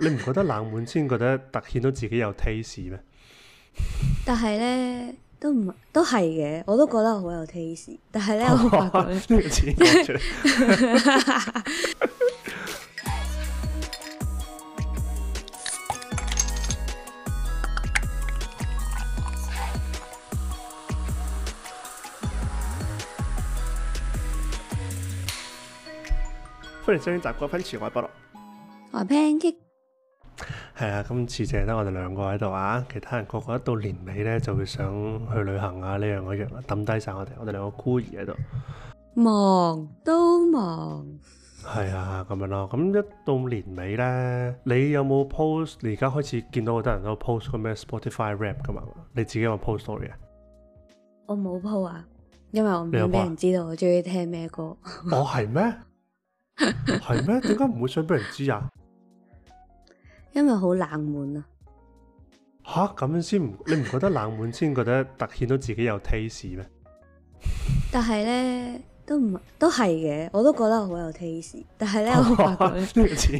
你唔覺得冷門先覺得突顯到自己有 taste 咩？但係咧，都唔都係嘅，我都覺得我好有 taste，但係咧又冇發覺。非常之雜，我翻前幾日報道，我翻前幾。 係啊，今次淨係得我哋兩個喺度啊，其他人個個一到年尾咧就會想去旅行啊，呢樣嗰樣，抌低晒我哋，我哋兩個孤兒喺度。忙都忙，係啊，咁樣咯。咁一到年尾咧，你有冇 post？你而家開始見到好多人都有 post 個咩 Spotify rap 噶嘛？你自己有冇 post story 啊？我冇 post 啊，因為我唔想俾人知道我中意聽咩歌。哦，係咩？ 係咩？點解唔會想俾人知啊？因為好冷門啊！吓咁、啊、樣先唔，你唔覺得冷門先覺得突顯到自己有 taste 咩？ 但係咧都唔都係嘅，我都覺得我好有 taste。但係咧，我發覺呢，即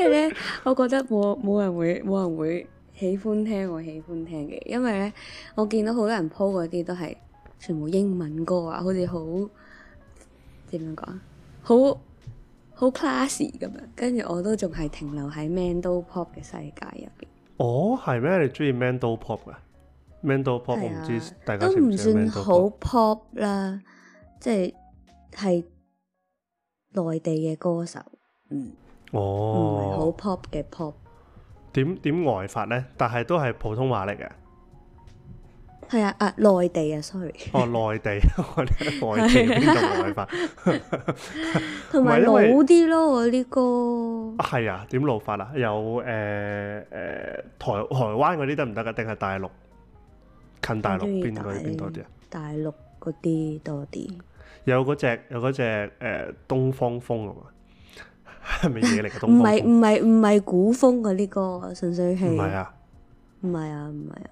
係咧，我覺得冇冇人會冇人會喜歡聽我喜歡聽嘅，因為咧，我見到好多人 po 嗰啲都係全部英文歌啊，好似好，點樣講？好。好 classy 咁樣，跟住我都仲係停留喺 mandopop 嘅世界入邊。哦，係咩？你中意 mandopop 嘅 mandopop？、啊、我唔知，大家都唔算好 pop 啦，即係係內地嘅歌手，嗯，哦，好、嗯、pop 嘅 pop。點點外發咧？但係都係普通話嚟嘅。係啊，啊內地啊，sorry。哦內地，我內地邊度嘅發？同埋老啲咯，我呢個。係啊，點老法啊？有誒誒、呃、台台灣嗰啲得唔得㗎？定係大陸近大陸邊度邊多啲啊？大陸嗰啲多啲。有嗰隻有嗰隻誒東方風啊嘛，係咪嘢嚟嘅？東方風？唔係唔係唔係古風嗰啲歌，這個純粹係。唔係啊！唔係啊！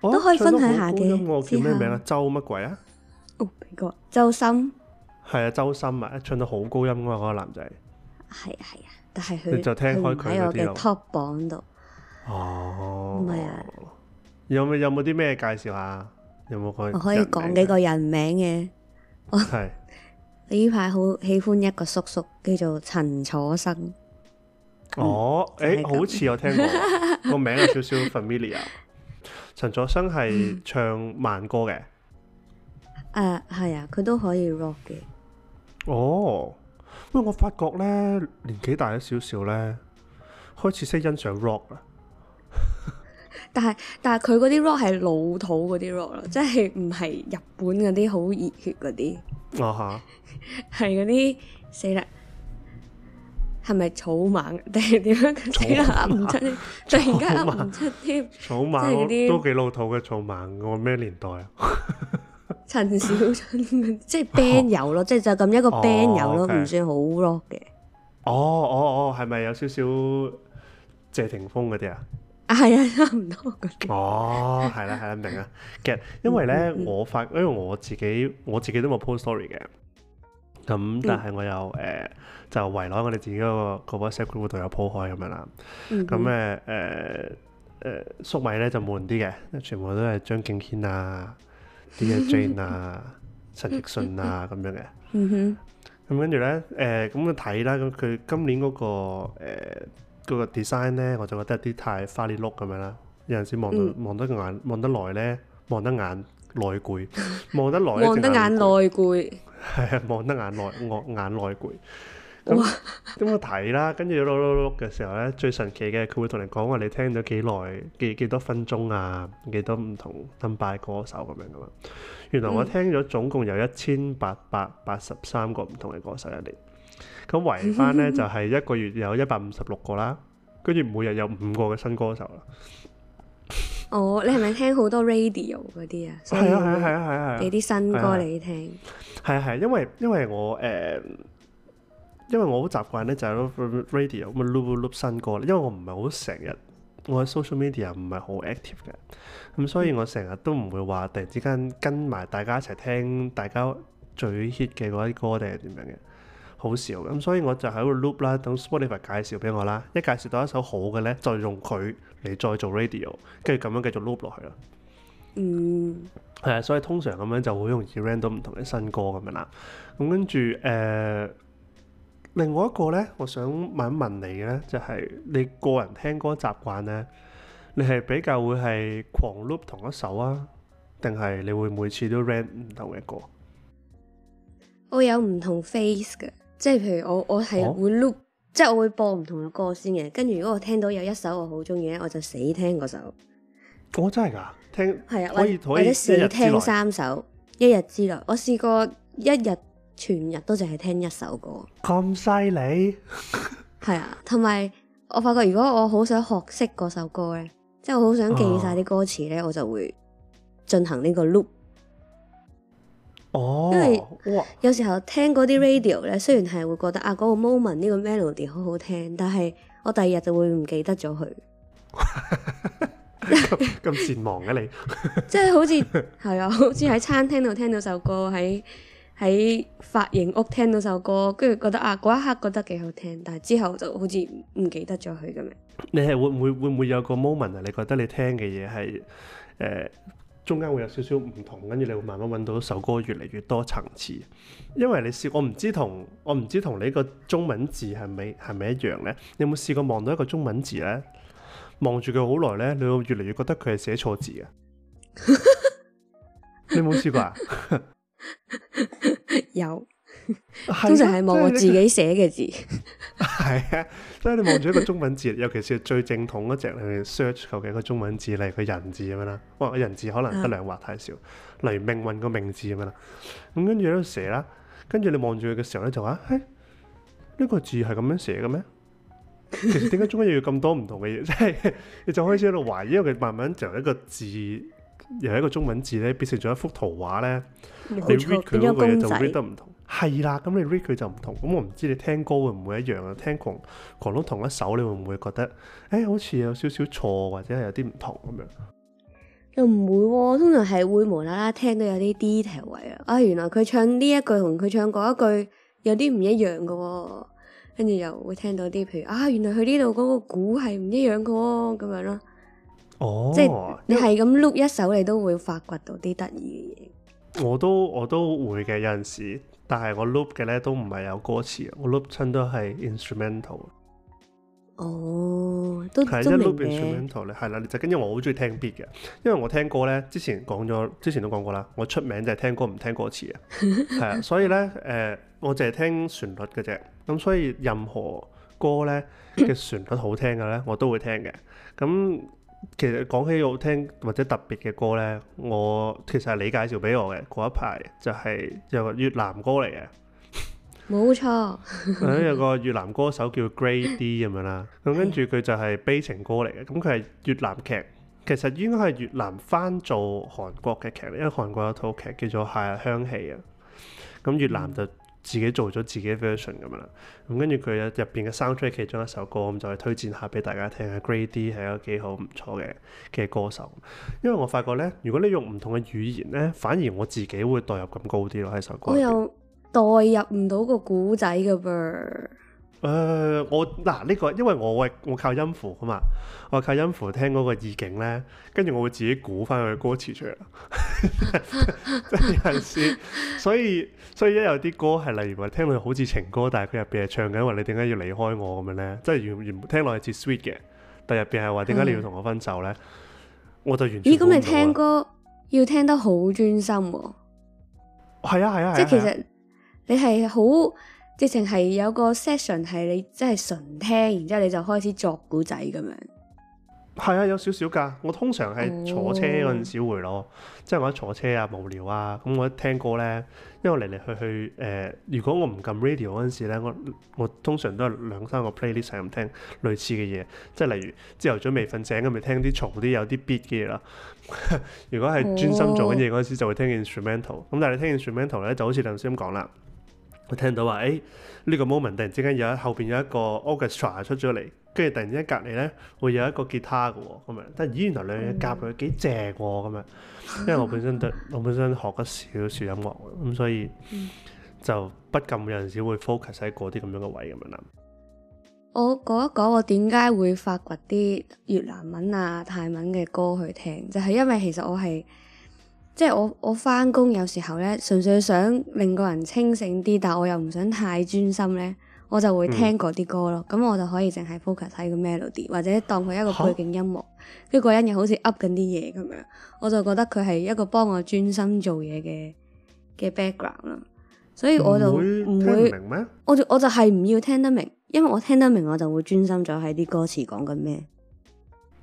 都可以分享下嘅，叫咩名？周乜鬼啊？哦，美國？周深。係啊，周深啊，唱到好高音啊。嗰個男仔。係啊係啊，但係佢你就聽開佢嘅 top 榜，度。哦。唔係啊。有冇有冇啲咩介紹下？有冇可以？我可以講幾個人名嘅。係。你呢排好喜歡一個叔叔，叫做陳楚生。哦，誒，好似我聽過，個名有少少 familiar。陳卓生係唱慢歌嘅，誒係、嗯、啊，佢、啊、都可以 rock 嘅。哦，不過我發覺咧，年紀大咗少少咧，開始識欣賞 rock 啦 。但係但係佢嗰啲 rock 係老土嗰啲 rock 咯，即係唔係日本嗰啲好熱血嗰啲。哦、啊哈，吓 ，係嗰啲死啦。係咪草蜢定係點樣？死啦，唔出啲，突然間唔出添。草蜢，啲都幾老土嘅草蜢。我咩年代啊？陳小春即係 band 友咯，即係就咁一個 band 友咯，唔算好 rock 嘅。哦哦哦，係咪有少少謝霆鋒嗰啲啊？係啊，差唔多嗰啲。哦，係啦係啦，明啊。其實因為咧，我發因為我自己我自己都冇 po story 嘅。咁但係我又誒、呃、就圍內我哋自己嗰、那個 WhatsApp group 度有鋪開咁樣啦，咁誒誒誒粟米咧就悶啲嘅，全部都係張敬軒啊、Dear、啊、Jane 啊、陳奕 迅啊咁樣嘅。嗯、哼。咁跟住咧誒咁嘅睇啦，咁、呃、佢今年嗰、那個誒 design 咧，我就覺得有啲太花哩碌咁樣啦。有陣時望到望得眼望內、呃、得耐咧，望得眼累攰，望得耐望得眼累攰。係啊，望得眼累，眼眼累攰。咁咁我睇啦，跟住碌碌碌嘅時候咧，最神奇嘅佢會同你講話，你聽咗幾耐，幾幾多分鐘啊，幾多唔同 number 歌手咁樣噶嘛。原來我聽咗總共有一千八百八十三個唔同嘅歌手入嚟。咁圍翻咧就係一個月有一百五十六個啦，跟住每日有五個嘅新歌手啦。哦，你係咪聽好多 radio 嗰啲啊？係啊係啊係啊係啊，俾啲新歌你聽。係啊係，因為因為我誒，因為我好習慣咧就係咯 radio 咁 loop loop 新歌，因為我唔係好成日我 social media 唔係好 active 嘅，咁、嗯、所以我成日都唔會話突然之間跟埋大家一齊聽大家最 hit 嘅嗰啲歌定係點樣嘅，好少咁、嗯，所以我就喺度個 loop 啦，等 Spotify 介紹俾我啦，一介紹到一首好嘅咧，就用佢嚟再做 radio，跟住咁樣繼續 loop 落去啦。嗯。啊、嗯，所以通常咁樣就好容易 ran 搵到唔同嘅新歌咁樣啦。咁、嗯、跟住誒、呃，另外一個咧，我想問一問你嘅，就係、是、你個人聽歌習慣咧，你係比較會係狂 loop 同一首啊，定係你會每次都 ran 搵唔同嘅歌？我有唔同 face 嘅，即係譬如我我係會 loop，、哦、即係我會播唔同嘅歌先嘅。跟住如果我聽到有一首我好中意咧，我就死聽嗰首。我、哦、真係噶～聽係啊，或者試聽三首，一日之內，我試過一日全日都淨係聽一首歌。咁犀利？e 係啊，同 埋我發覺，如果我好想學識嗰首歌咧，即係我好想記晒啲歌詞咧，oh. 我就會進行呢個 loop。哦，oh. 因為、oh. 有時候聽嗰啲 radio 咧，雖然係會覺得啊，嗰、那個 moment 呢個 melody 好好聽，但係我第二日就會唔記得咗佢。 咁善忘嘅你 ，即係好似係啊，好似喺餐廳度聽到首歌，喺喺髮型屋聽到首歌，跟住覺得啊，嗰一刻覺得幾好聽，但係之後就好似唔記得咗佢咁樣。你係會唔會會唔會，會有個 moment 啊？你覺得你聽嘅嘢係誒，中間會有少少唔同，跟住你會慢慢揾到首歌越嚟越多層次。因為你試我唔知同我唔知同你個中文字係咪係咪一樣呢？你有冇試過望到一個中文字呢？望住佢好耐咧，你會越嚟越覺得佢係寫錯字嘅。 你冇試過啊？有，通常係望我自己寫嘅字。係 啊，即係你望住一個中文字，尤其是最正統嗰隻，例如 search 求其一個中文字，例如佢人字咁樣啦。哇，人字可能得兩畫太少。例如命運個命字咁樣啦，咁跟住喺度寫啦，跟住你望住佢嘅時候咧，就、哎、話，呢、這個字係咁樣寫嘅咩？ 其實點解中英文要咁多唔同嘅嘢？即 係你就開始喺度懷疑，因為佢慢慢由一個字，由一個中文字咧，變成咗一幅圖畫咧，錯你 read 佢嗰個嘢，就 read 得唔同。係啦，咁你 read 佢就唔同。咁我唔知你聽歌會唔會一樣啊？聽狂狂龍同一首，你會唔會覺得，誒、欸，好似有少少錯或者係有啲唔同咁樣？又唔會，哦，通常係會無啦啦聽到有啲 detail 位啊。啊，原來佢唱呢一句同佢唱嗰一句有啲唔一樣噶，哦。跟住又會聽到啲，譬如啊，原來佢呢度嗰個鼓係唔一樣嘅喎，咁樣咯。哦，即係你係咁 loop 一首，你都會發掘到啲得意嘅嘢。我都我都會嘅，有陣時，但係我 loop 嘅咧都唔係有歌詞，我 loop 親都係 instrumental。哦，係一的都變旋律 soulful 咧，係啦的，就因為我好中意聽 beat 嘅，因為我聽歌咧，之前講咗，之前都講過啦，我出名就係聽歌唔聽歌詞啊，係啊， 所以咧，誒、呃，我淨係聽旋律嘅啫，咁所以任何歌咧嘅旋律好聽嘅咧，我都會聽嘅，咁其實講起好聽或者特別嘅歌咧，我其實係你介紹俾我嘅，嗰一排就係、是、有、就是、越南歌嚟嘅。冇錯，沒錯 有個越南歌手叫 Grey D 咁 樣啦，咁跟住佢就係悲情歌嚟嘅，咁佢係越南劇，其實應該係越南翻做韓國嘅劇，因為韓國有套劇叫做《夏日香氣》啊，咁越南就自己做咗自己 version 咁樣啦，咁跟住佢入邊嘅 soundtrack 其中一首歌，咁就係推薦下俾大家聽，Grey D 係一個幾好唔錯嘅嘅歌手，因為我發覺呢，如果你用唔同嘅語言呢，反而我自己會代入咁高啲咯，喺首歌代入唔到個古仔噶噃，誒、呃，我嗱呢、啊，這個，因為我係我靠音符噶嘛，我靠音符聽嗰個意境咧，跟住我會自己估翻佢嘅歌詞出嚟， 真係有陣時，所以所以一有啲歌係例如話聽到好似情歌，但係佢入邊係唱緊話你點解要離開我咁樣咧，即係原原聽落係似 sweet 嘅，但入邊係話點解你要同我分手咧，的我就完全咦，咁、啊欸、你聽歌要聽得好專心喎、哦，係啊係啊，即係其實。你係好直情係有個 session 係你真係純聽，然之後你就開始作故仔咁樣。係啊，有少少㗎。我通常係坐車嗰陣時會攞，嗯、即係我一坐車啊無聊啊，咁、嗯、我一聽歌咧，因為嚟嚟去去誒、呃，如果我唔撳 radio 嗰陣時咧，我我通常都係兩三個 playlist 一齊咁聽類似嘅嘢，即係例如朝頭早未瞓醒咁，咪聽啲嘈啲有啲 beat 嘅嘢咯。 如果係專心做緊嘢嗰陣時，嗯、就會聽見 instrumental 咁，但係你聽見 instrumental 咧，就好似頭先講啦。我聽到話，誒、欸、呢、這個 moment 突然之間有後邊有一個 orchestra 出咗嚟，跟住突然之間隔籬呢會有一個吉他嘅咁樣，是是但係咦原來兩樣夾佢幾正喎咁樣，是是因為我本身對我本身學咗少少音樂咁、嗯，所以就不禁有陣時會 focus 喺嗰啲咁樣嘅位咁樣諗。我講一講我點解會發掘啲越南文啊泰文嘅歌去聽，就係、是、因為其實我係。即係我我翻工有時候咧，純粹想令個人清醒啲，但我又唔想太專心咧，我就會聽嗰啲歌咯。咁、嗯、我就可以淨係 focus 喺個 melody，或者當佢一個背景音樂，跟住哈個人又好似噏緊啲嘢咁樣，我就覺得佢係一個幫我專心做嘢嘅嘅 background 啦。所以我就唔會，會聽唔明咩？我就我就係唔要聽得明，因為我聽得明我就會專心咗喺啲歌詞講緊咩。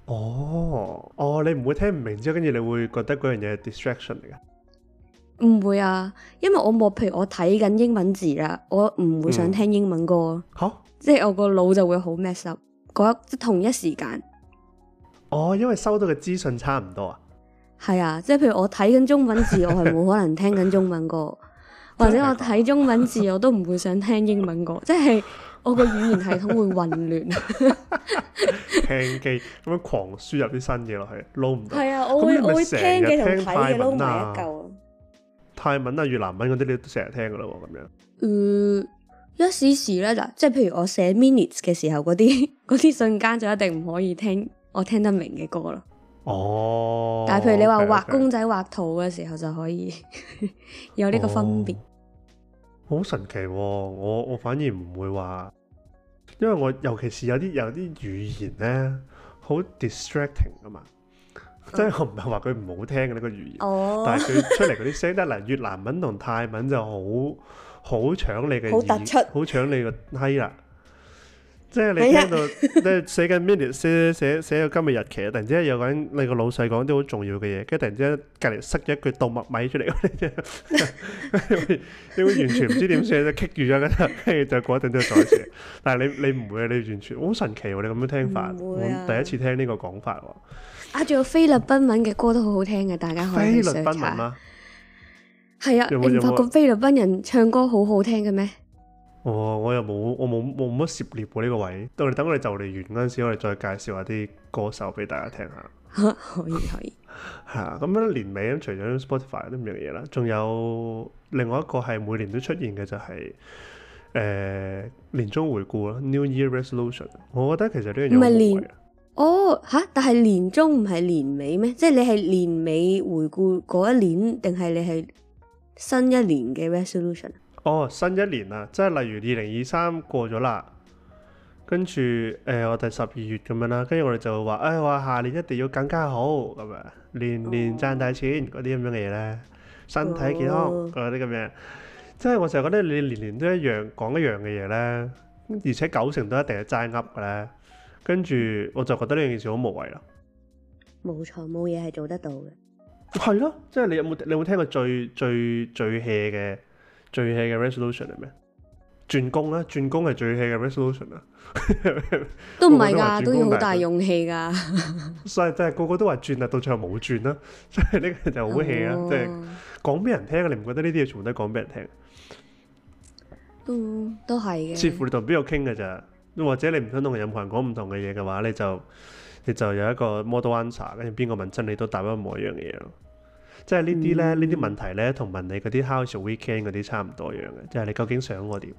哦，哦，你唔會聽唔明之後，跟住你會覺得嗰樣嘢係 distraction 嚟噶？唔會啊，因為我冇譬如我睇緊英文字啦，我唔會想聽英文歌。吓，嗯，即係我個腦就會好 mess up，覺得同一時間。哦，因為收到嘅資訊差唔多啊。係啊，即係譬如我睇緊中文字， 我係冇可能聽緊中文歌， 或者我睇中文字， 我都唔會想聽英文歌，即係。我個語言系統會混亂 聽機咁樣狂輸入啲新嘢落去，撈唔到。係啊， 我會我會聽嘅同睇嘅都唔係一嚿。泰文啊、越南文嗰啲，你都成日聽噶啦，咁樣。誒、嗯，一時時咧就，即係譬如我寫 minutes 嘅時候，嗰啲嗰啲瞬間就一定唔可以聽我聽得明嘅歌咯。哦。但係譬如你話畫、哦 okay, okay. 公仔畫圖嘅時候就可以 有呢個分別。哦。好神奇喎、啊！我我反而唔會話，因為我尤其是有啲有啲語言咧，好 distracting 啊嘛，即係、嗯、我唔係話佢唔好聽呢、呢個語言，哦、但係佢出嚟嗰啲聲咧，嗱越南文同泰文就好好搶你嘅耳，好突出，好搶你個閪啦。即係你聽到，即係寫緊 minutes， 寫寫寫到今日日期，突然之間有個人，你、個老細講啲好重要嘅嘢，跟住突然之間隔離塞咗一句動物米出嚟，你會你會完全唔知點寫，就棘住咗，跟住就過一段都要再寫。但係你你唔會，你完全好神奇喎、啊！你咁樣聽法，啊、我第一次聽呢個講法喎。啊，仲有菲律賓文嘅歌都好好聽嘅，大家可以上查。菲律賓文嗎？係啊，你發覺菲律賓人唱歌好好聽嘅咩？哦，我又冇，我冇冇乜涉獵喎呢個位。到你等我哋就嚟完嗰陣時，我哋再介紹下啲歌手俾大家聽下 可以可以。係咁、 嗯、樣年尾咁，除咗 Spotify 呢樣嘢啦，仲有另外一個係每年都出現嘅就係、是、誒、呃、年終回顧啦，New Year Resolution。我覺得其實呢樣嘢唔係年哦吓，但係年終唔係年尾咩？即係你係年尾回顧嗰一年，定係你係新一年嘅 Resolution？哦，新一年啊，即係例如二零二三過咗啦，跟住誒，我哋十二月咁樣啦，跟住我哋就會話誒，我、哎、下年一定要更加好咁啊，年年賺大錢嗰啲咁樣嘅嘢咧，哦、身體健康嗰啲咁樣，哦、即係我成日覺得你年年都一樣講一樣嘅嘢咧，而且九成都一定係齋噏嘅咧，跟住我就覺得呢樣件事好無謂咯，冇錯冇嘢係做得到嘅，係咯，即係你有冇你有冇聽過最最最 hea 嘅？最氣嘅 resolution 係咩？轉工啦，轉工係最氣嘅 resolution 啊， 都唔係噶，都要好大勇氣噶。 所以真係個個都話轉，但到最後冇轉啦。所以呢個就好氣啊！即係講俾人聽，你唔覺得呢啲嘢全部都係講俾人聽？都都係嘅。似乎你同邊個傾嘅咋。或者你唔想同任何人講唔同嘅嘢嘅話，你就你就有一個 model answer，跟住邊個問親，你都答翻一樣嘢咯。即係呢啲咧，呢啲、嗯、問題咧，同問你嗰啲 house weekend 嗰啲差唔多樣嘅，即係你究竟想我點？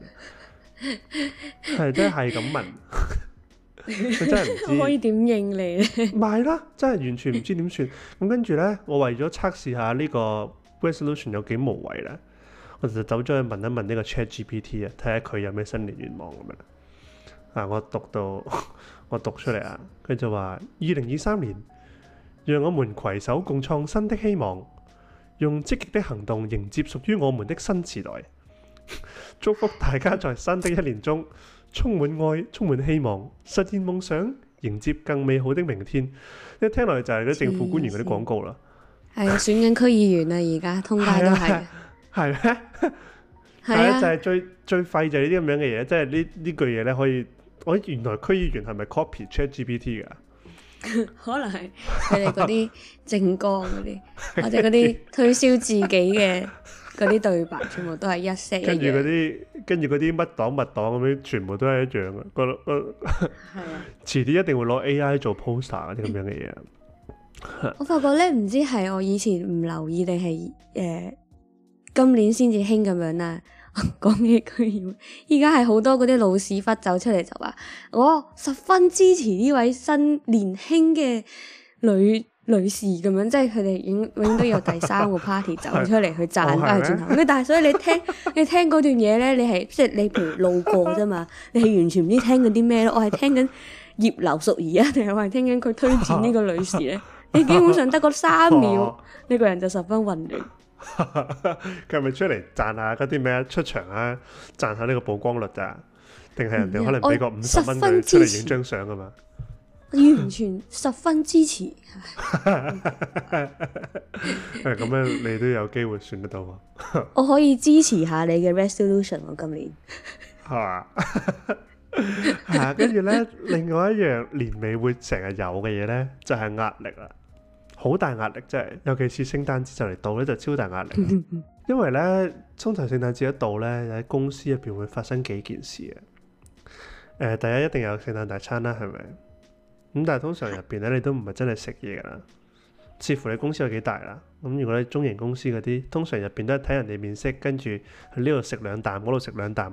係都係咁問，佢真係唔知可以點應你？唔係 啦，真係完全唔知點算。咁 跟住咧，我為咗測試下呢個 resolution 有幾無謂啦，我就走咗去問一問呢個 Chat GPT 啊，睇下佢有咩新年願望咁樣啊，我讀到， 我讀出嚟啊，佢就話：二零二三年，讓我們攜手共創新的希望。用積極的行動迎接屬於我們的新時代， 祝福大家在新的一年中充滿愛、充滿希望、實現夢想，迎接更美好的明天。一聽落就係啲政府官員嗰啲廣告啦。係選緊區議員啊，而家通街都係。係咩？係啊！就係、係、最最廢就係呢啲咁樣嘅嘢，即係呢呢句嘢咧可以，我原來區議員係咪 copy Chat GPT 噶？ 可能係佢哋嗰啲政綱嗰啲， 或者嗰啲推銷自己嘅嗰啲對白，全部都係一式。跟住嗰啲，跟住嗰啲乜黨乜黨咁樣，全部都係一樣嘅。個 個遲啲一定會攞 AI 做 poster 嗰啲咁樣嘅嘢。 我發覺咧，唔知係我以前唔留意定係誒今年先至興咁樣啦。講嘢居然？依家係好多嗰啲老屎忽走出嚟就話，我十分支持呢位新年輕嘅女女士咁樣，即係佢哋永永遠都有第三個 party 走出嚟去讚翻轉頭。但係所以你聽 你聽嗰段嘢咧，你係即係你譬如路過啫嘛，你係完全唔知聽緊啲咩咯。我係聽緊葉劉淑儀啊，定係我係聽緊佢推薦呢個女士咧？ 你基本上得嗰三秒，呢 個人就十分混亂。佢係咪出嚟賺下嗰啲咩出場啊？賺下呢個曝光率咋？定係人哋可能俾個五十蚊佢出嚟影張相噶嘛？完全十分支持。誒，咁樣你都有機會算得到啊！ 我可以支持下你嘅 resolution，我今年係嘛？係跟住咧，另外一樣年尾會成日有嘅嘢咧，就係、是、壓力啦。好大壓力，真係，尤其是聖誕節就嚟到呢，就超大壓力。 因為呢，通常聖誕節一到呢，喺公司入邊會發生幾件事嘅。誒、呃，大家一,一定有聖誕大餐啦，係咪？咁但係通常入邊咧，你都唔係真係食嘢㗎啦。似乎你公司有幾大啦。咁、嗯、如果你中型公司嗰啲，通常入邊都係睇人哋面色，跟住去呢度食兩啖，嗰度食兩啖。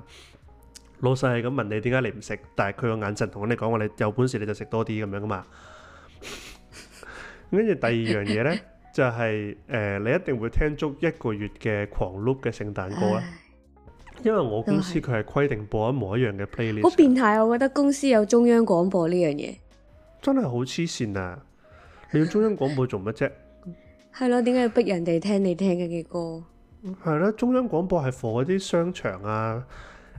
老細係咁問你點解你唔食，但係佢個眼神同我哋講話，你有本事你就食多啲咁樣噶嘛。跟住第二樣嘢呢，就係、是、誒、呃，你一定會聽足一個月嘅狂 loop 嘅聖誕歌啊！哎、因為我公司佢係規定播一模一樣嘅 playlist。好變態，我覺得公司有中央廣播呢樣嘢，真係好黐線啊！你用中央廣播做乜啫？係咯？ 點解要逼人哋聽你聽嘅嘅歌？係咯、嗯？中央廣播係放嗰啲商場啊，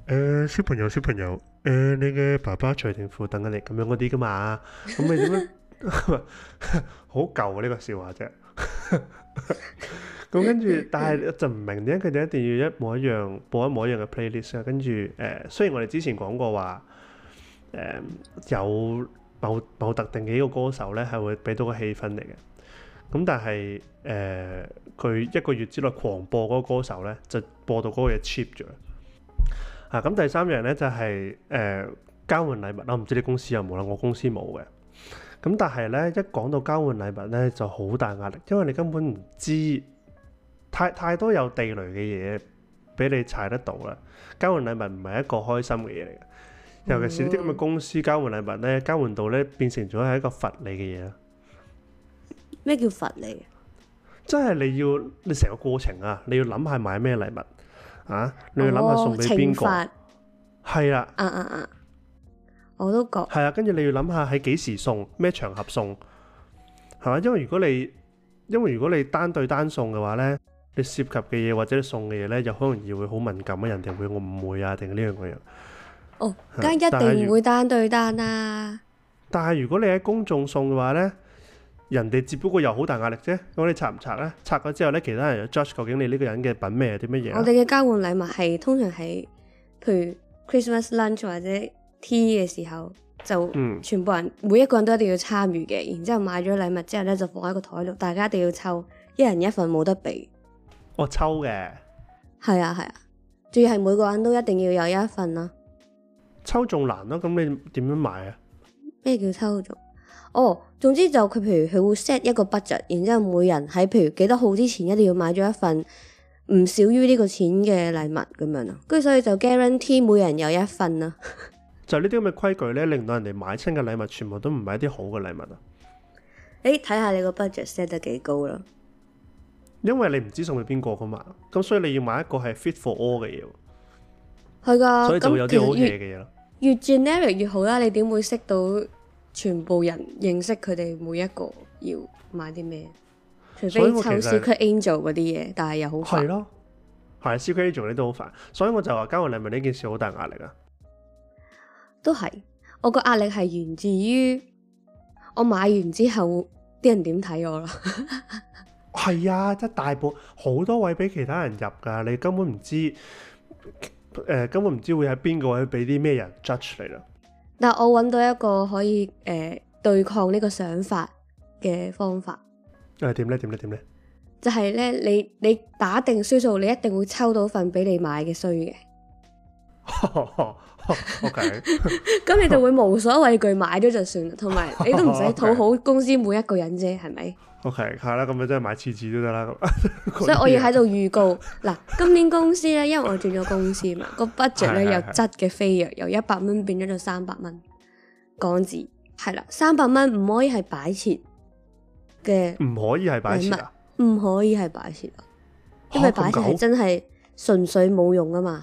誒、呃，小朋友，小朋友，誒、呃，你嘅爸爸、徐定富等緊你咁樣嗰啲噶嘛？咁你點樣？ 好 舊啊的！呢個笑話啫。咁跟住，但係就唔明點解佢哋一定要一模一樣播一模一樣嘅 playlist 啊。跟住誒，雖然我哋之前講過話誒、呃、有某某特定幾個歌手咧，係會俾到個氣氛嚟嘅。咁但係誒，佢、呃、一個月之內狂播嗰個歌手咧，就播到嗰個嘢 cheap 咗。啊！咁、嗯、第三樣咧就係、是、誒、呃、交換禮物。我唔知你公司有冇啦，我公司冇嘅。咁但係咧，一講到交換禮物咧，就好大壓力，因為你根本唔知太太多有地雷嘅嘢，俾你踩得到啦。交換禮物唔係一個開心嘅嘢嚟嘅，尤其是啲咁嘅公司交換禮物咧，交換到咧變成咗係一個罰你嘅嘢啊！咩叫罰你？真係你要你成個過程啊！你要諗下買咩禮物啊？你要諗下送俾邊個？係啦、哦啊啊。啊啊啊！我都覺係啊，跟住你要諗下喺幾時送、咩場合送，係嘛？因為如果你因為如果你單對單送嘅話呢，你涉及嘅嘢，或者你送嘅嘢呢，又好容易會好敏感啊，人哋會我誤會啊，定係呢樣嘅樣哦。梗係一定唔會單對單啊。但係如果你喺公眾送嘅話呢，人哋只不過有好大壓力啫。咁你拆唔拆呢？拆咗之後呢，其他人 judge 究竟，你呢個人嘅品味啲乜嘢？我哋嘅交換禮物係通常喺，譬如 Christmas lunch 或者。T 嘅時候就全部人、嗯、每一個人都一定要參與嘅，然之後買咗禮物之後咧，就放喺個台度，大家一定要抽一人一份，冇得俾我抽嘅。係啊係啊，仲要係每個人都一定要有一份啊。抽仲難咯，咁你點樣買啊？咩叫抽中？哦，總之就佢譬如佢會 set 一個 budget，然之後每人喺譬如幾多號之前一定要買咗一份唔少於呢個錢嘅禮物咁樣，跟住所以就 guarantee 每人有一份啊。 就呢啲咁嘅規矩咧，令到人哋買親嘅禮物，全部都唔係一啲好嘅禮物啊！誒、欸，睇下你個 budget set 得幾高啦。因為你唔知送俾邊個噶嘛，咁所以你要買一個係 fit for all 嘅嘢。係噶的，所以就會有啲好嘢嘅嘢咯。越、嗯、generic 越好啦！你點會識到全部人認識佢哋每一個要買啲咩？除非湊 secret angel 嗰啲嘢，但係又好煩。係咯，係 secret angel 呢都好煩，所以我就話交換禮物呢件事好大壓力啊！都係，我個壓力係源自於我買完之後啲人點睇我咯。係 啊，即、就、係、是、大波好多位俾其他人入噶，你根本唔知誒、呃，根本唔知會喺邊個位俾啲咩人 judge 你啦。嗱，我搵到一個可以誒、呃、對抗呢個想法嘅方法。誒、呃，點咧？點咧？點咧？就係咧，你你打定輸數，你一定會抽到份俾你買嘅衰嘅。 O K，咁你就會無所畏懼，買咗就算啦，同埋你都唔使討好公司每一個人啫，係咪？O K，係啦，咁你真係買次次都得啦。 人所以我要喺度預告，嗱， 今年公司咧，因為我轉咗公司啊嘛，個 budget 咧有質嘅飛躍， 由一百蚊變咗到三百蚊港紙，係啦，三百蚊唔可以係擺設嘅，唔可以係擺設，唔可以係擺設啊，因為擺設係真係。純粹冇用啊嘛，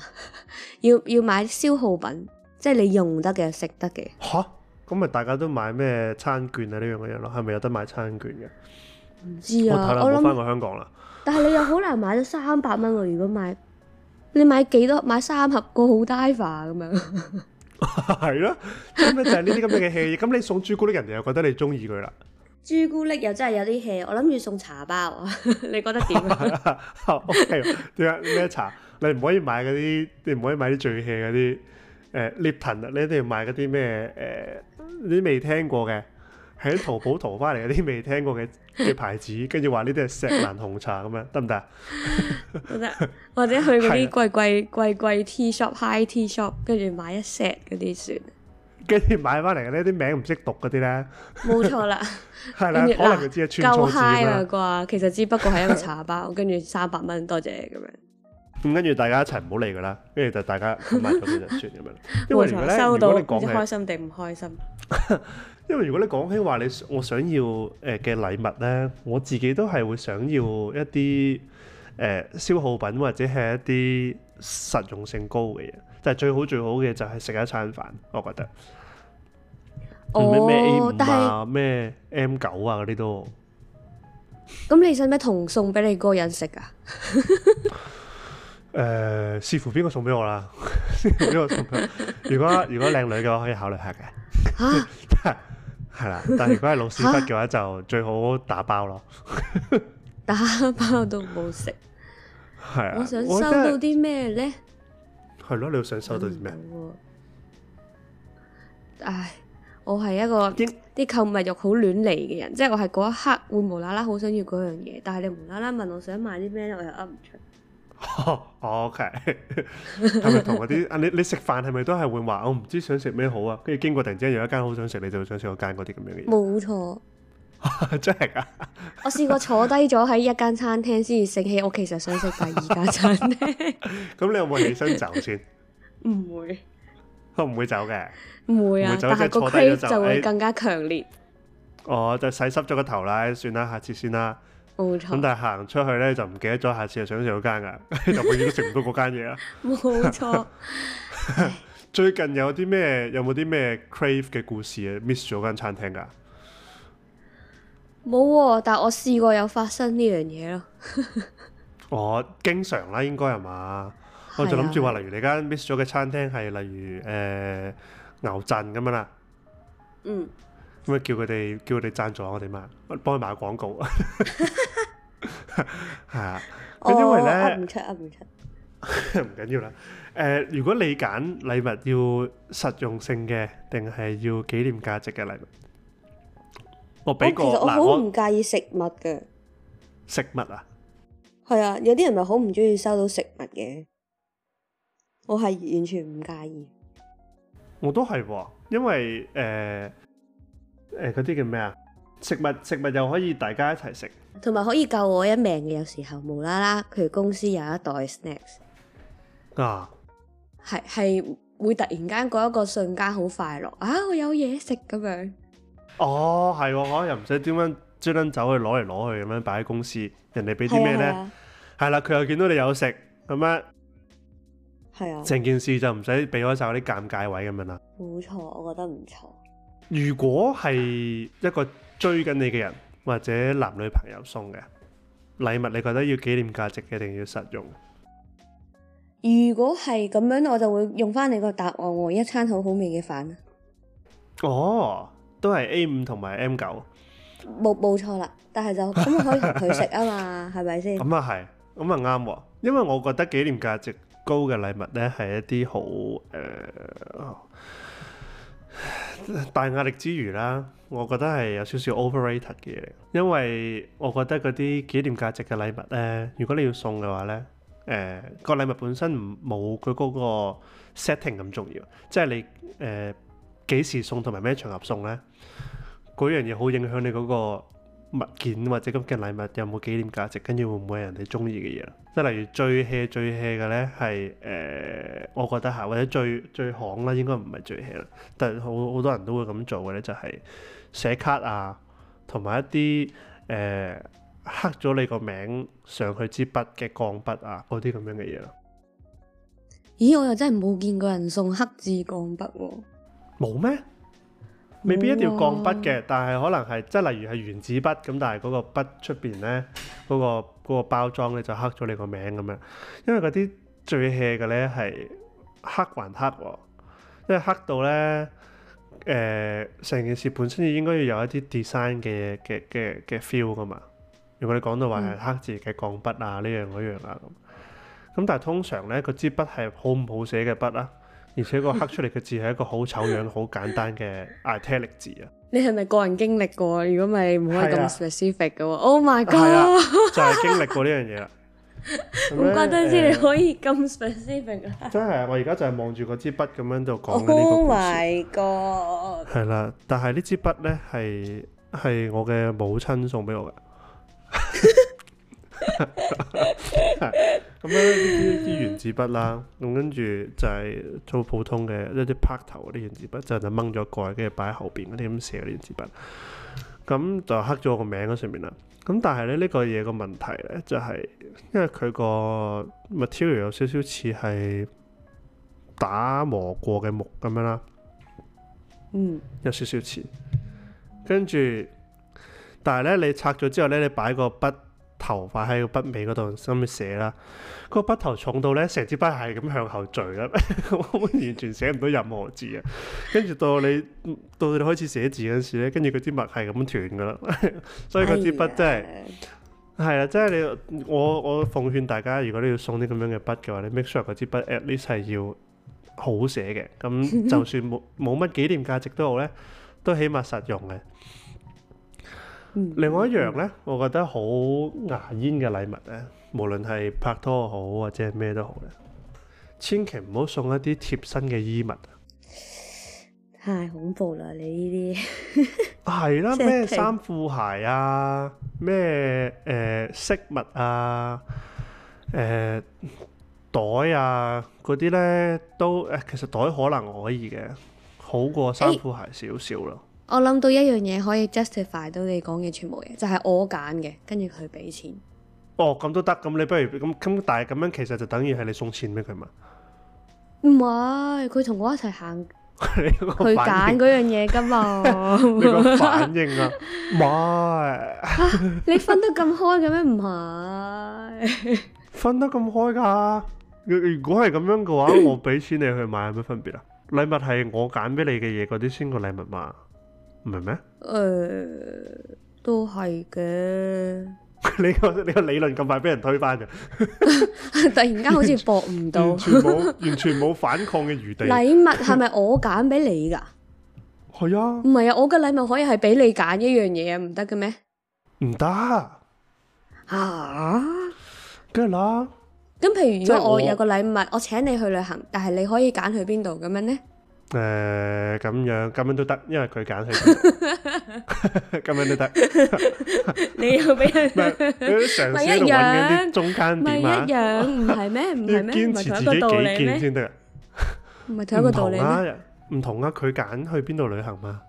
要要買消耗品，即係你用得嘅食得嘅。吓，咁咪大家都買咩餐券啊呢樣嘅嘢咯？係咪有得買餐券嘅？唔知啊，我諗翻過香港啦。但係你又好難買到三百蚊喎，如果買你買幾多？買三盒 Godiva 咁樣。係咯，咁咪就係呢啲咁樣嘅嘢。咁 你送朱古力人哋又覺得你中意佢啦。朱古力又真係有啲 hea，我諗住送茶包， 你覺得點啊 o 點啊？咩、 oh, okay. 茶？你唔可以買嗰啲，你唔可以買啲最 hea 嗰啲。誒、呃、Lipton 你一定要買嗰啲咩？誒、呃，啲未聽過嘅，喺淘寶淘翻嚟嗰啲未聽過嘅嘅牌子，跟住話呢啲係錫蘭紅茶咁樣，得唔得得， 或者去嗰啲貴貴貴貴，貴 tea shop high tea shop，跟住買一 set 嗰啲算。跟住買翻嚟咧，啲名唔識讀嗰啲咧，冇錯啦，係啦，可能佢只係串錯字啦啩。其實只不過係一個茶包，跟住三百蚊，多謝咁樣。咁跟住大家一齊唔好理㗎啦，跟住就大家買咁樣就算咁樣。因為收到你講係開心定唔開心？因為如果你講起話你我想要誒嘅禮物咧，我自己都係會想要一啲誒消耗品或者係一啲實用性高嘅嘢。但係最好最好嘅就係食一餐飯，我覺得。哦，A 啊、但係是咩 M 九啊嗰啲都，咁你使唔使同送俾你個人食啊？誒，視乎邊個送俾我啦。視乎邊個送俾 如果如果靚女嘅話，可以考慮下嘅。吓、啊，係啦、 啊。但係如果係老屎忽嘅話，就最好打包咯。 打包都唔好食，係 、啊。我想收到啲咩咧？係咯、啊，你想收到啲咩、啊？唉。我係一個啲購物欲好亂嚟嘅人，即係我係嗰一刻會無啦啦好想要嗰樣嘢，但係你無啦啦問我想買啲咩，我又噏唔出。Oh, OK，係咪同嗰啲啊？你你食飯係咪都係會話我唔知想食咩好啊？跟住經過突然之間有一間好想食，你就會想食嗰間嗰啲咁樣嘅嘢。冇錯， 真係㗎的！ 我試過坐低咗喺一間餐廳，先至醒起我其實想食第二間餐廳 。咁 你有冇起身走先？唔 會，我唔會走嘅。唔會啊，但係個 crave 就會更加強烈。我、哎哦、就洗濕咗個頭啦，哎，算啦，下次先啦。冇錯，咁、嗯、但係行出去咧就唔記得咗下次又想食嗰間噶，就永遠都食唔到嗰間嘢啊。冇錯。 最近有啲咩？有冇啲咩 crave 嘅故事啊？miss 咗間餐廳噶？冇，哦，但係我試過有發生呢樣嘢咯。我、 哦、經常啦，應該係嘛？啊，我就諗住話，例如你間 miss 咗嘅餐廳係，例如誒。呃牛震咁樣啦，嗯，咁啊叫佢哋叫佢哋贊助我哋嘛，幫佢買廣告係。啊，咁因為咧，唔出唔出唔緊要啦。誒，如果你揀禮物要實用性嘅，定係要紀念價值嘅禮物，我俾個，其實我好唔介意食物嘅食物啊，係啊，有啲人咪好唔中意收到食物嘅，我係完全唔介意。我都係喎，因為誒誒嗰啲叫咩啊？食物食物又可以大家一齊食，同埋可以救我一命嘅。有時候無啦啦，佢公司有一袋 snacks 啊，係係會突然間過一個瞬間好快樂啊！我有嘢食咁樣。哦，係喎，我又唔使點樣專登走去攞嚟攞去咁樣擺喺公司，人哋俾啲咩咧？係啦、啊，佢、啊啊、又見到你有食咁樣。係啊，成件事就唔使避開晒啲尷尬位咁樣啦。冇錯，我覺得唔錯。如果係一個追緊你嘅人或者男女朋友送嘅禮物，你覺得要紀念價值嘅定要實用？如果係咁樣，我就會用翻你個答案，一餐好好味嘅飯。哦，都係 A5 同埋 M9，冇冇錯啦。但係就咁可以同佢食啊嘛，係咪先？咁啊係，咁啊啱。因為我覺得紀念價值。高嘅禮物咧，係一啲好誒大壓力之餘啦。我覺得係有少少 overrated 嘅嘢，因為我覺得嗰啲紀念價值嘅禮物咧、呃，如果你要送嘅話咧，誒個禮物本身唔冇佢嗰個 setting 咁重要，即係你誒幾、呃、時送同埋咩場合送咧，嗰樣嘢好影響你嗰、嗰個。物件或者咁嘅禮物有冇紀念價值？跟住會唔會人哋中意嘅嘢？即係例如最 h e a 最 h e a 嘅咧，係誒、呃，我覺得吓，或者最最行啦，應該唔係最 h e a 啦。但係好好多人都會咁做嘅咧，就係、是、寫卡啊，同埋一啲誒刻咗你個名上去支筆嘅鋼筆啊，嗰啲咁樣嘅嘢咯。咦？我又真係冇見過人送黑字鋼筆喎、啊。冇咩？未必一定要鋼筆嘅，但係可能係即係例如係原子筆咁，但係嗰個筆出邊咧，嗰個嗰個包裝咧就黑咗你個名咁樣。因為嗰啲最 hea 嘅咧係黑還黑，因為黑到咧，誒成件事本身應該要有一啲 design 嘅嘅嘅嘅 feel 噶嘛。如果你講到話係黑字嘅鋼筆啊呢樣嗰樣啊咁，咁但係通常咧嗰支筆係好唔好寫嘅筆啊？ 而且個刻出嚟嘅字係一個好醜樣、好 簡單嘅 italic 字啊！你係咪個人經歷過？如果唔係，唔可以咁 specific 嘅喎。Oh my god！ 就係經歷過呢樣嘢啦。唔 嗎怪得之，呃、你可以咁 specific 啦。真係啊！我而家就係望住嗰支筆咁樣度講個。Oh my god！係啦、啊，但係呢支筆咧係係我嘅母親送俾我嘅。 係咁咧，呢啲啲原子筆啦，咁、嗯、跟住就係做普通嘅一啲拍頭嗰啲原子筆，就係就掹咗蓋，跟住擺喺後邊嗰啲咁寫嘅原子筆，咁就刻咗我個名喺上面啦。咁但係咧呢、呢個嘢個問題咧、就係，就係因為佢個 material 有少少似係打磨過嘅木咁樣啦，嗯，有少少似，跟住，但係咧你拆咗之後咧，你擺個筆。頭髮喺個筆尾嗰度，咁去寫啦。個筆頭重到咧，成支筆係咁向後墜啦，我 完全寫唔到任何字啊。 跟住到你到你開始寫字嗰陣時咧，跟住嗰支筆係咁斷噶啦。 所以嗰支筆真係係啦，真係、 即係、你我我奉勸大家，如果你要送啲咁樣嘅筆嘅話，你 make sure 嗰支筆 at least 係要好寫嘅。咁就算冇冇乜紀念價值都好咧，都起碼實用嘅。嗯、另外一樣呢，嗯、我覺得好牙煙嘅禮物呢，無論係拍拖好或者係咩都好咧，千祈唔好送一啲貼身嘅衣物。太恐怖啦！你呢啲係啦，咩衫褲鞋啊，咩誒、呃、飾物啊，誒、呃、袋啊嗰啲呢都誒，其實袋可能可以嘅，好過衫褲鞋少少咯。哎我諗到一樣嘢可以 justify 到你講嘅全部嘢，就係、是、我揀嘅，跟住佢俾錢。哦，咁都得，咁你不如咁咁，但係咁樣其實就等於係你送錢俾佢 嘛？唔係，佢同我一齊行去揀嗰樣嘢噶嘛？你個反應啊，唔係？你分得咁開嘅咩？唔係？ 分得咁開噶？如果係咁樣嘅話，我俾錢你去買有咩分別啊？禮物係我揀俾你嘅嘢，嗰啲先個禮物嘛。唔明咩？誒、呃，都係嘅。 你個你個理論咁快俾人推翻嘅， 突然間好似駁唔到，全 冇完全冇反抗嘅餘地。禮 物係咪我揀俾你㗎？係 啊。唔係啊，我嘅禮物可以係俾你揀一樣嘢啊，唔得嘅咩？唔得啊？啊？梗係啦。咁譬如如果我，我有個禮物，我請你去旅行，但係你可以揀去邊度咁樣咧？誒，咁樣咁樣都得，因為佢揀去，咁樣都得。你又俾佢唔係一樣咩？中間點啊？唔係一樣，唔係咩？唔係咩？堅持自己幾件先得。唔係同一個道理咩？唔同啊，唔同啊，佢揀去邊度旅行嘛？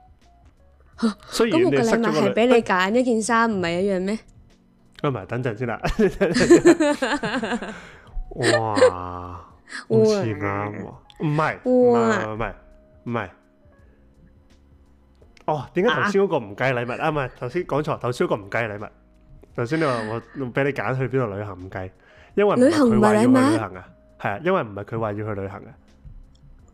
雖然你失咗。所以我嘅禮物係俾你揀一件衫，唔係一樣咩？啊，唔係，等陣先啦。哇！唔係啊嘛，唔係唔係。唔係哦，點解頭先嗰個唔計禮物啊？唔係頭先講錯，頭先嗰個唔計禮物。頭先你話我俾你揀去邊度旅行唔計，因為旅行唔係禮物啊。係啊，因為唔係佢話要去旅行啊。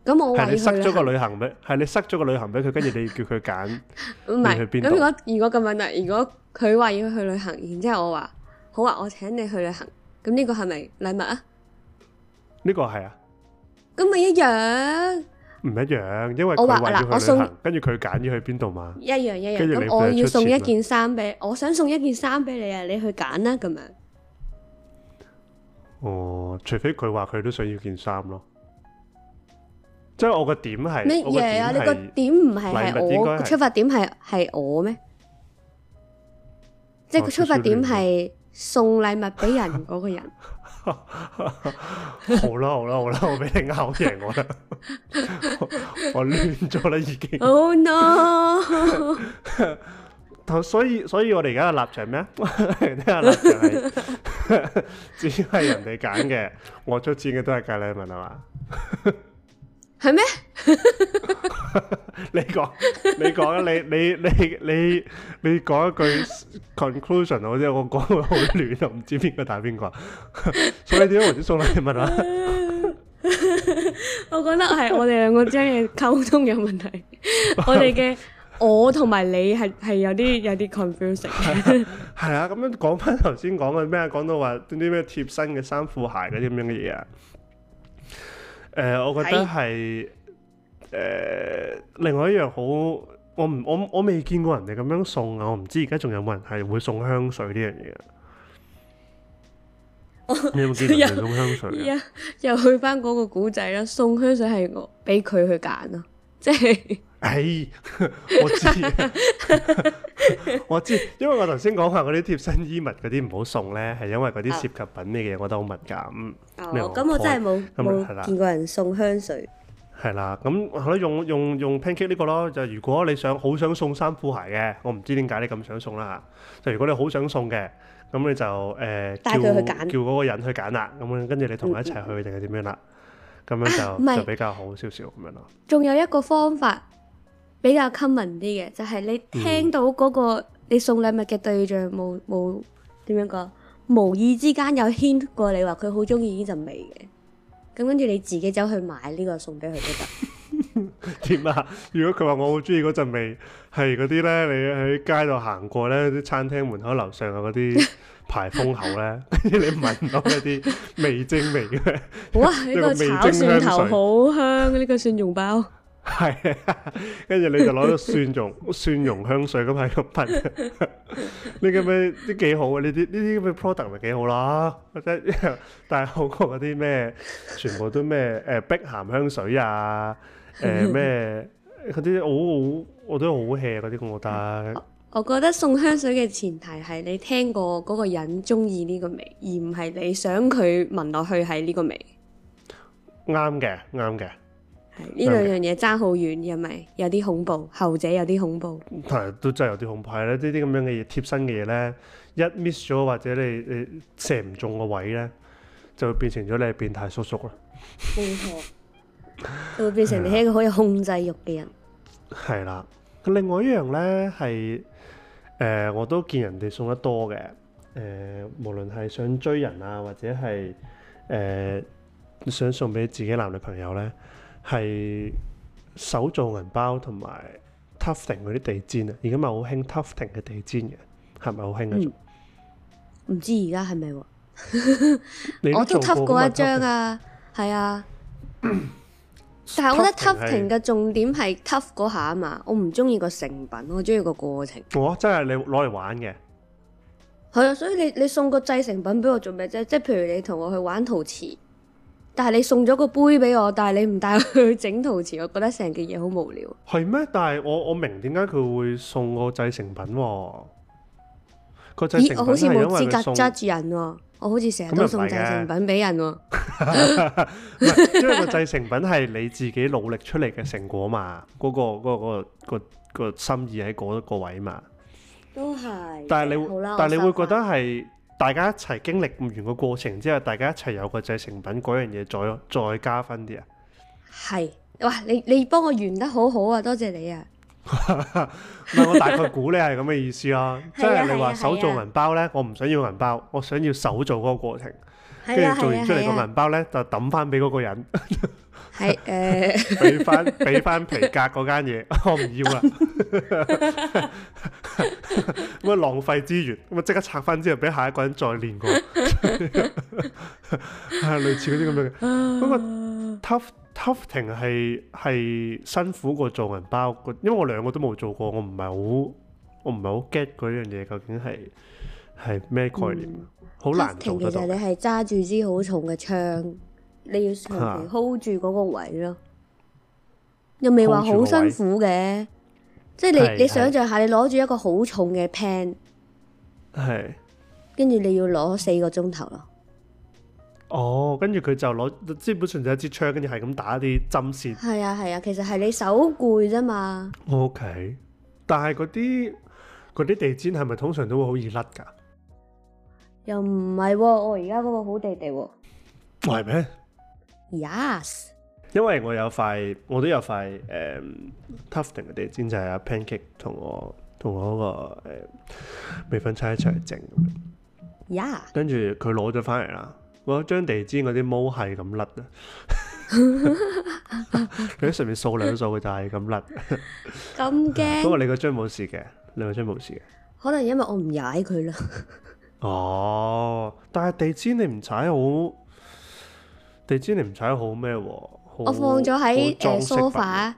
咁我係你塞咗個旅行俾係你塞咗個旅行俾佢，跟住你要叫佢揀唔係去邊？咁如果如果咁樣啊，如果佢話要去旅行，然之後我話好啊，我請你去旅行。咁呢個係咪禮物啊？呢個係啊，咁咪一樣。唔一樣，因為我話嗱，我送，跟住佢揀要去邊度嘛，一樣一樣。咁我要送一件衫俾，我想送一件衫俾你啊，你去揀啦咁樣。哦，除非佢話佢都想要件衫咯，即係我個點係咩嘢啊？你個點唔係係我出發點係係我咩？即係個出發點係。送禮物俾人嗰、那個人， 好啦好啦好啦，我俾你拗贏我啦， 我亂咗啦已經。 oh no！ 所以所以我哋而家嘅立場咩啊？睇 下立場， 只要係人哋揀嘅，我出錢嘅都係芥辣文係嘛。 係咩是？ 你講，你講，你你你你你講一句 conclusion，我真我講到好亂咯，唔知邊個打邊個，所以你點樣會送禮物呀？ 我覺得係我哋兩個將嘢溝通有問題， 我哋嘅我同埋你係係有啲有啲 confusing 嘅。係啊，咁樣講翻頭先講嘅咩啊？講到話啲咩貼身嘅衫褲鞋嗰啲咁樣嘅嘢啊！誒、呃，我覺得係誒、呃，另外一樣好，我唔我我未見過人哋咁樣送，我唔知而家仲有冇人係會送香水呢樣嘢，你有冇見到人送香水啊？ 又去翻嗰個古仔啦，送香水係我俾佢去揀咯，即係，哎，我知。 我知，因為我頭先講下嗰啲貼身衣物嗰啲唔好送咧，係因為嗰啲涉及品嘅嘢，我都好敏感。咁我真係冇，咁係啦。見過人送香水，係啦、嗯，咁我都用用用 pancake 呢個咯，就如果你想好想送衫褲鞋嘅，我唔知點解你咁想送啦吓。就如果你好想送嘅，咁你就誒、呃、帶佢去揀、叫叫嗰個人去揀啦，咁、嗯、樣跟住你同佢一齊去定係點樣啦，咁、嗯、樣就就比較好少少咁樣咯。仲、啊啊、有一個方法。啊比較 common 啲嘅，就係、係、你聽到嗰個你送禮物嘅對象冇冇點樣講，無意之間有 hint 過你話佢好中意呢陣味嘅，咁跟住你自己走去買呢個送俾佢都得。點啊、嗯？ 如果佢話我好中意嗰陣味，係嗰啲咧，你喺街度行過咧，啲餐廳門口樓上嘅嗰啲排風口咧， 你聞到一啲味，哇 味精味嘅。哇！呢個炒蒜頭好香，呢、呢個蒜蓉包。係，跟住 你就攞咗蒜蓉 蒜蓉香水咁喺度噴，呢咁樣都幾好啊！呢啲呢啲咁嘅 product 咪幾好啦，或者但係好過嗰啲咩，全部都咩誒、呃，碧咸香水啊，誒咩嗰啲好好，我都好 hea 啲，我覺得我。我覺得送香水嘅前提係你聽過嗰個人中意呢個味，而唔係你想佢聞落去係呢個味。啱嘅，啱嘅。呢兩樣嘢差好遠，又咪有啲恐怖，後者有啲恐怖，係、嗯、都真係有啲恐怖。係咧，呢啲咁樣嘅嘢，貼身嘅嘢咧，一 miss 咗或者你你射唔中個位咧，就會變成咗你係變態叔叔啦。冇錯，會變成你一個可以控制慾嘅人。係啦，啦，另外一樣咧係，誒、呃，我都見人哋送得多嘅，誒、呃，無論係想追人啊，或者係誒、呃、想送俾自己男女朋友咧。係手做銀包同埋 tufting 嗰啲地氈啊，而家咪好興 tufting 嘅地氈嘅，係咪好興嗰種？唔知而家係咪？我都 tuft 過一張啊，係啊。但係我覺得 tufting 嘅重點係 tuft 嗰下啊嘛，我唔中意個成品，我中意個過程。我真係你攞嚟玩嘅，係啊，所以你你送個製成品俾我做咩啫？即係譬如你同我去玩陶瓷。但係你送咗個杯俾我，但係你唔帶我去整陶瓷，我覺得成件嘢好無聊。係咩？但係我我明點解佢會送個製成品喎、啊？個製成品係因為佢送，我好似冇資格揸住人喎，我好似成日都送製成品俾人喎、啊。 因為個製成品係你自己努力出嚟嘅成果嘛，嗰、嗰個、嗰個、嗰個、嗰個嗰個心意喺嗰個位嘛。都係。但係你會，但係你會覺得係。大家一齊經歷完個過程之後，大家一齊有個製成品嗰樣嘢，再再加分啲啊！係，哇！你你幫我完得好好啊，多謝你啊！唔係 我大概估你係咁嘅意思咯、啊，即係、啊啊、你話手做銀包呢？啊啊、我唔想要銀包，我想要手做嗰個過程，跟住、啊啊、做完出嚟個銀包呢，啊啊、就抌翻俾嗰個人。係 誒是、啊，俾翻俾翻皮革嗰間嘢，我唔要啊！ 咁啊 浪費資源，咁啊即刻拆翻之後，俾下一個人再練過，係、 哎、類似嗰啲咁樣嘅。咁 tough tufting 係係辛苦過做銀包括，因為我兩個都冇做過，我唔係好，我唔係好 get 嗰樣嘢，究竟係係咩概念？好、嗯、難做。其實你係揸住支好重嘅槍，你要長期 hold 住嗰個位咯、啊，又未話好辛苦嘅。即係你，是是你想象下，你攞住一個好重嘅 pen，係是，跟住你要攞四個鐘頭咯。哦，跟住佢就攞，基本上就一支槍，跟住係咁打啲針線。係啊係啊，其實係你手攰啫嘛。O、okay. K，但係嗰啲嗰啲地氈係咪通常都會好易甩㗎？又唔係、哦，我而家嗰個好地地喎、哦。係咩 ？Yes。因為我有塊，我都有塊誒，Tuffting 嘅地氈就係阿 pancake 同我同我嗰個未婚妻一齊整，咁樣。跟住佢攞咗翻嚟啦，我張地氈嗰啲毛係咁甩啊！佢喺 上面掃兩掃，佢就係咁甩。咁驚？不過你嗰張冇事嘅，你張冇事嘅。可能因為我唔踩佢啦。 哦，但係地氈你唔踩好，地氈你唔踩好咩喎？好我放咗喺誒 sofa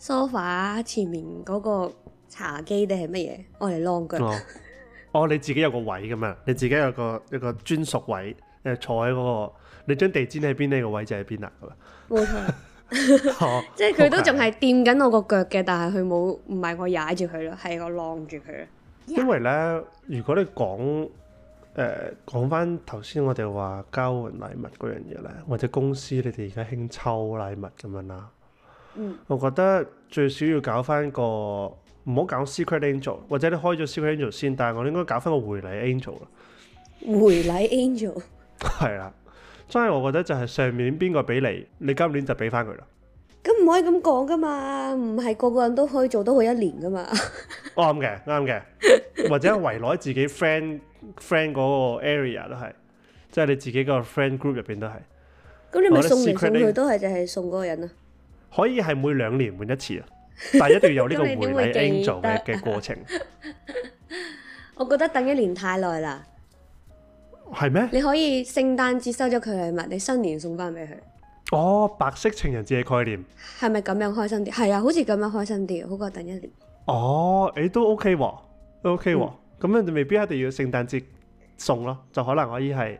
sofa 前面嗰個茶几定係乜嘢？我嚟晾腳。 哦，你自己有個位咁啊？你自己有個一個專屬位，誒、呃，坐喺嗰、那個你張地氈喺邊，呢？個位就喺邊啦。冇錯。即係佢都仲係掂緊我個腳嘅，okay. 但係佢冇唔係我踩住佢咯，係我晾住佢咯。因為咧，如果你講。誒，講翻頭先我哋話交換禮物嗰樣嘢咧，或者公司你哋而家興抽禮物咁樣啦。嗯，我覺得最少要搞翻個，唔好搞 secret angel，或者你開咗 secret angel 先，但係我應該搞翻個回禮 angel。回禮 angel。係啦， 所以我覺得就係上面邊個俾你，你今年就俾翻佢啦。咁唔可以咁講噶嘛？唔係個個人都可以做到佢一年噶嘛？啱嘅，啱嘅，或者圍內自己 friend friend 嗰個 area 都係，即係你自己個 friend group 入邊都係。咁你咪送嚟送去都係淨係送嗰個人啊？可以係每兩年換一次啊，但係一定要有呢個回禮 angel 嘅嘅過程。我覺得等一年太耐啦。係咩？你可以聖誕節收咗佢禮物，你新年送翻俾佢。哦，白色情人節嘅概念係咪咁樣開心啲？係啊，好似咁樣開心啲好過等一年。哦，你、欸、都 OK 喎、啊，OK 喎、啊，咁、嗯、樣就未必一定要聖誕節送咯，就可能可以係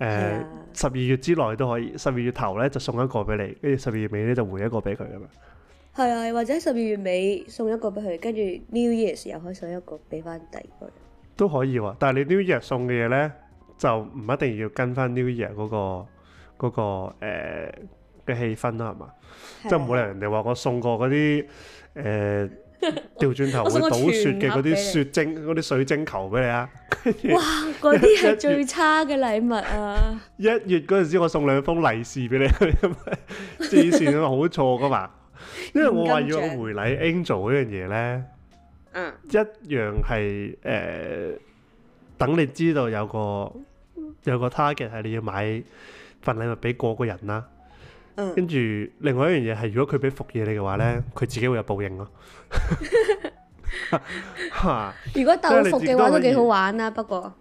誒十二月之內都可以，十二月頭咧就送一個俾你，跟住十二月尾咧就回一個俾佢咁樣。係啊，或者十二月尾送一個俾佢，跟住 New Year 又可以送一個俾翻第二個人都可以喎、啊。但係你 New Year 送嘅嘢咧，就唔一定要跟翻 New Year 嗰個。嗰個誒嘅氣氛啦，係嘛？即係冇理由人哋話我送過嗰啲誒，掉轉頭會倒雪嘅嗰啲雪晶、嗰啲水晶球俾你啊！哇，嗰啲係最差嘅禮物啊！一月嗰陣時，我送兩封利是俾你，即係以前我好錯噶嘛，因為我話要回禮 Angel 嗰樣嘢咧，嗯，一樣係誒，等你知道有個有個 target 係你要買份禮物俾個個人啦，跟住、嗯、另外一樣嘢，係如果佢俾服嘢你嘅話呢，佢、嗯、自己會有報應咯。如果鬥服嘅話 都幾好玩啊，不過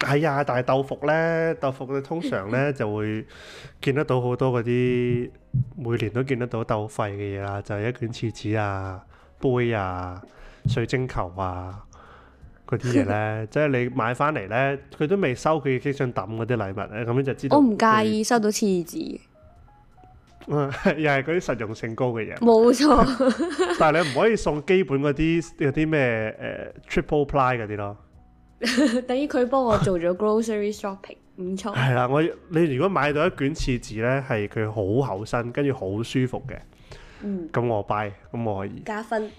係啊，但係鬥服呢，鬥服佢通常呢就會見得到好多嗰啲每年都見得到鬥廢嘅嘢啦，就係、是、一卷廁紙啊、杯啊、水晶球啊。嗰啲嘢咧，即係你買翻嚟咧，佢都未收佢嘅機箱抌嗰啲禮物咧，咁樣就知道。我唔介意收到廁紙。又係嗰啲實用性高嘅嘢。冇錯。但係你唔可以送基本嗰啲嗰啲咩誒 triple ply 嗰啲咯。 等於佢幫我做咗 grocery shopping，唔 錯。係啦，我你如果買到一卷廁紙咧，係佢好厚身，跟住好舒服嘅。嗯。咁我 buy，u 咁我可以。加分。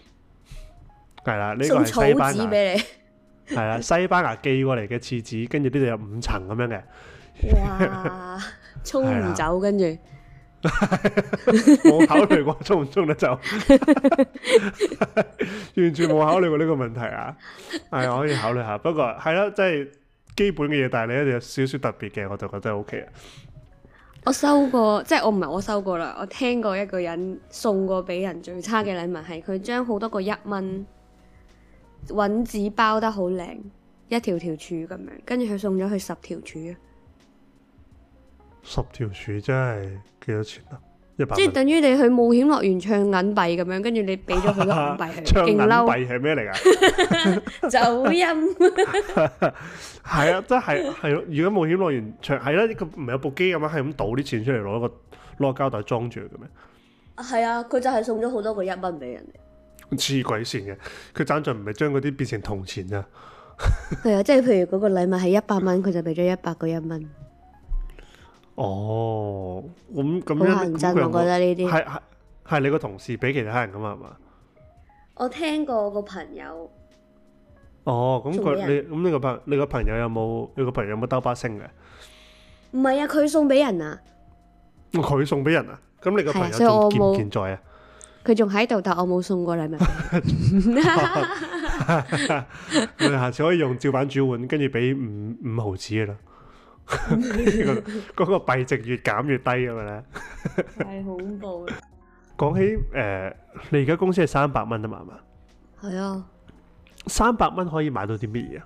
係啦，呢、呢個係草紙俾你。係啦，西班牙寄過嚟嘅廁紙，跟住呢度有五層咁樣嘅。哇嘩，沖唔 走，跟住冇考慮過沖唔沖得走，完全冇考慮過呢個問題啊！係， 我可以考慮下，不過係啦，即係基本嘅嘢，但係你一定有少少特別嘅，我就覺得 OK 啊。我收過，即係我唔係我收過啦，我聽過一個人送過俾人最差嘅禮物係，佢將好多個一蚊。用紙包得好靚，一條條柱咁樣，跟住佢送咗佢十條柱啊！十條柱真係幾多錢啊？一百即係等於你去冒險樂園唱銀幣咁樣，跟住你俾咗佢好多銀幣佢，勁嬲、啊！幣係咩嚟噶？走音係啊，真係係如果冒險樂園唱係啦，佢唔係有部機咁樣，樣，係咁倒啲錢出嚟，攞個攞個膠袋裝住咁樣。係啊，佢就係送咗好多個一蚊俾人哋。似鬼線嘅，佢爭在唔係將嗰啲變成銅錢啊！係 啊，即係譬如嗰個禮物係一百蚊，佢就俾咗一百個一蚊。哦，咁咁樣咁我覺得呢啲係係係你個同事俾其他人噶嘛？係嘛？我聽過個朋友。哦，咁佢你咁你個朋你個朋友有冇你個朋友有冇兜巴星嘅？唔係啊，佢送俾人啊。佢送俾人啊？咁你個朋友仲健唔健在啊？佢仲喺度，但我冇送過禮物。我 哋 下次可以用照板煮碗，跟住俾五五毫子嘅啦。嗰 個幣值越減越低咁樣咧，太恐怖啦！講起誒，你而家公司係三百蚊啊嘛係嘛？係啊，三百蚊可以買到啲乜嘢啊？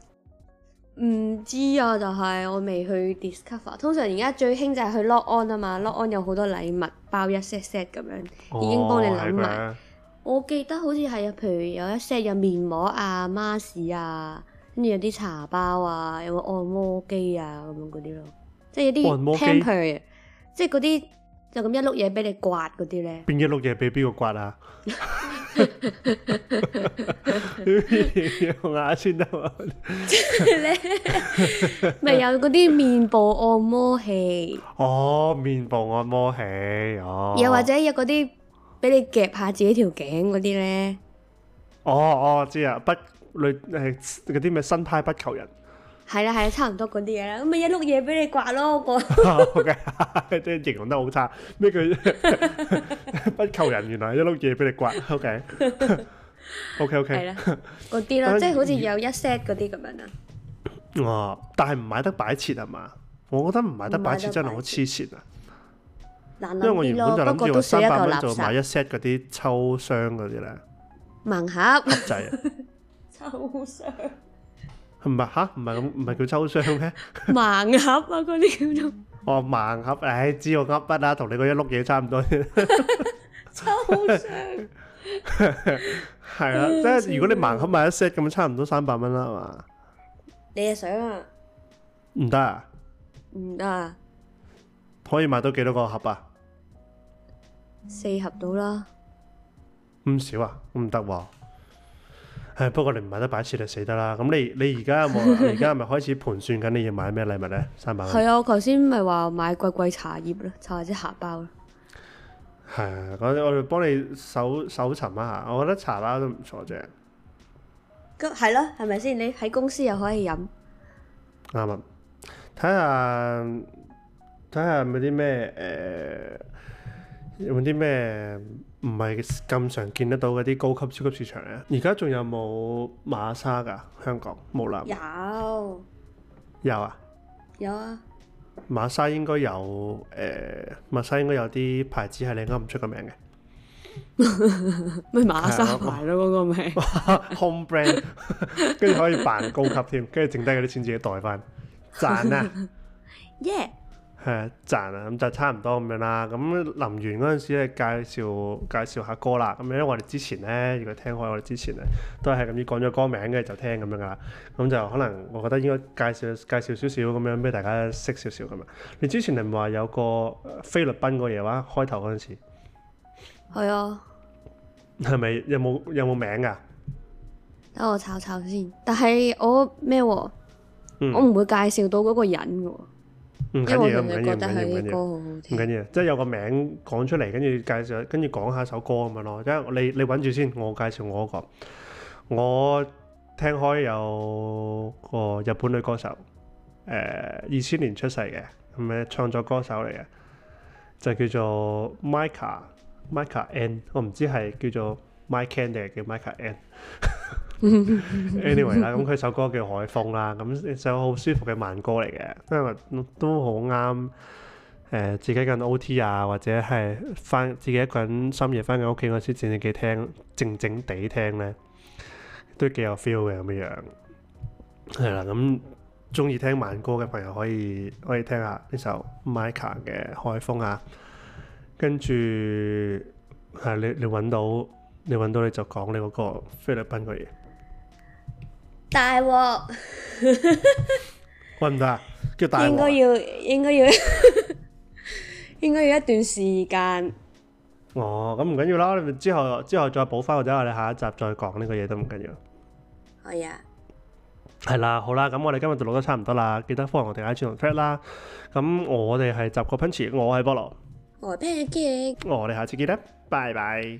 唔知啊，就係、是、我未去 discover。通常而家最興就係去 log on 啊嘛，log on 有好多禮物包一 set set 咁樣，oh，已經幫你諗埋。的我記得好似係啊，譬如有一 set 有面膜啊、mask 啊，跟住有啲茶包啊，有個按摩機啊咁樣嗰啲咯，即係有啲 temper，即係嗰啲。就咁一碌嘢俾你刮嗰啲咧？邊一碌嘢俾邊個刮啊？用下先得嘛？咪有嗰啲面部按摩器？哦，面部按摩器，哦。又或者有嗰啲俾你夾下自己條頸嗰啲咧？哦哦，知啊，不類誒嗰啲咩新派不求人。係啦，係啊，差唔多嗰啲嘢啦，咁咪一碌嘢俾你刮咯，我。好嘅，即係形容得好差，咩佢 不求人，原來一碌嘢俾你刮，OK，OK，OK，係啦，嗰、okay. 啲、okay, okay. 咯，是即係好似有一 set 嗰啲咁樣啦。哦，但係唔買得擺設啊嘛？我覺得唔買得擺設真係好黐線啊！因為我原本就諗住三百蚊就買一 set 嗰啲抽箱嗰啲啦。盲盒。真係子。 抽箱。唔係吓，唔係咁，唔係叫抽箱咩？ 盲盒啊，嗰啲叫做。哦，盲盒，唉，知我噏乜啦，同你嗰一碌嘢差唔多 抽象。抽箱係啊， 即係如果你盲盒買一 set 咁，差唔多三百蚊啦，係嘛？你又想啊？唔得啊！唔得！啊，可以買到幾多個盒啊？四盒到啦。唔少啊？唔得喎！誒，不過你唔買得擺設就死得啦。咁你你而家有冇，而家咪開始盤算緊你要買咩禮物咧？三百蚊係啊，我頭先咪話買貴貴茶葉啦，茶或者茶包啦。係啊，我我哋幫你搜搜尋一下，我覺得茶包都唔錯啫。咁係咯，係咪先？你喺公司又可以飲。啱啊，睇下睇下有啲咩誒，有冇啲咩？唔係咁常見得到嗰啲高級超級市場嘅，而家仲有冇馬莎㗎？香港冇啦。有有啊？有啊。馬莎應該有，誒、欸，馬莎應該有啲牌子係你啱唔出個名嘅。咩馬 莎牌咯？嗰個名。Home brand，跟住 可以扮高級添，跟住剩低嗰啲錢自己袋翻，賺啊！耶！ yeah. 係啊，賺啊，咁、 嗯、就差唔多咁樣啦。咁臨完嗰陣時咧，介紹介紹下歌啦。咁因為我哋之前咧，如果聽開我哋之前咧，都係咁樣講咗歌名嘅就聽咁樣噶啦。咁、嗯、就可能我覺得應該介紹介紹少少咁樣俾大家識少少咁啊。你之前你唔話有個菲律賓個嘢哇、啊？開頭嗰陣時，係啊，係咪有冇有冇名噶、啊？等我查查先。但係我咩、啊？我唔會介紹到嗰個人嘅喎。唔緊要，唔緊要，唔緊要，唔緊要，唔緊要，即係有個名講出嚟，跟住介紹，跟住講下一首歌咁樣咯。即係你你揾住先，我介紹我一個，我聽開有個日本女歌手，誒二千年出世嘅咁嘅創作歌手嚟嘅，就叫做 Mika Mika N，我唔知係叫做 My Candy，叫 Mika N。 anyway 啦，咁佢首歌叫海風啦，咁首好舒服嘅慢歌嚟嘅，因為都好啱誒自己跟 OT 啊，或者係翻自己一個人深夜翻緊屋企嗰時靜靜聽，靜靜地聽呢，都幾有 feel 嘅咁樣。係啦，咁中意聽慢歌嘅朋友可以可以聽下呢首 Mika 嘅海風啊，跟住係你你搵到你揾到你就講你嗰個菲律賓嘅嘢。大鑊，得唔得啊？叫大鑊，應該要應該要應該要一段時間。哦，咁唔緊要啦，你之後之後再補翻，或者我哋下一集再講呢個嘢，都唔緊要。係啊，係啦，好啦，咁我哋今日就錄得差唔多啦，記得 follow 我哋 IG 同 FB 啦。咁我哋係雜果 Punchy，我係菠蘿，我係 Patrick，我哋下次見啦，拜拜。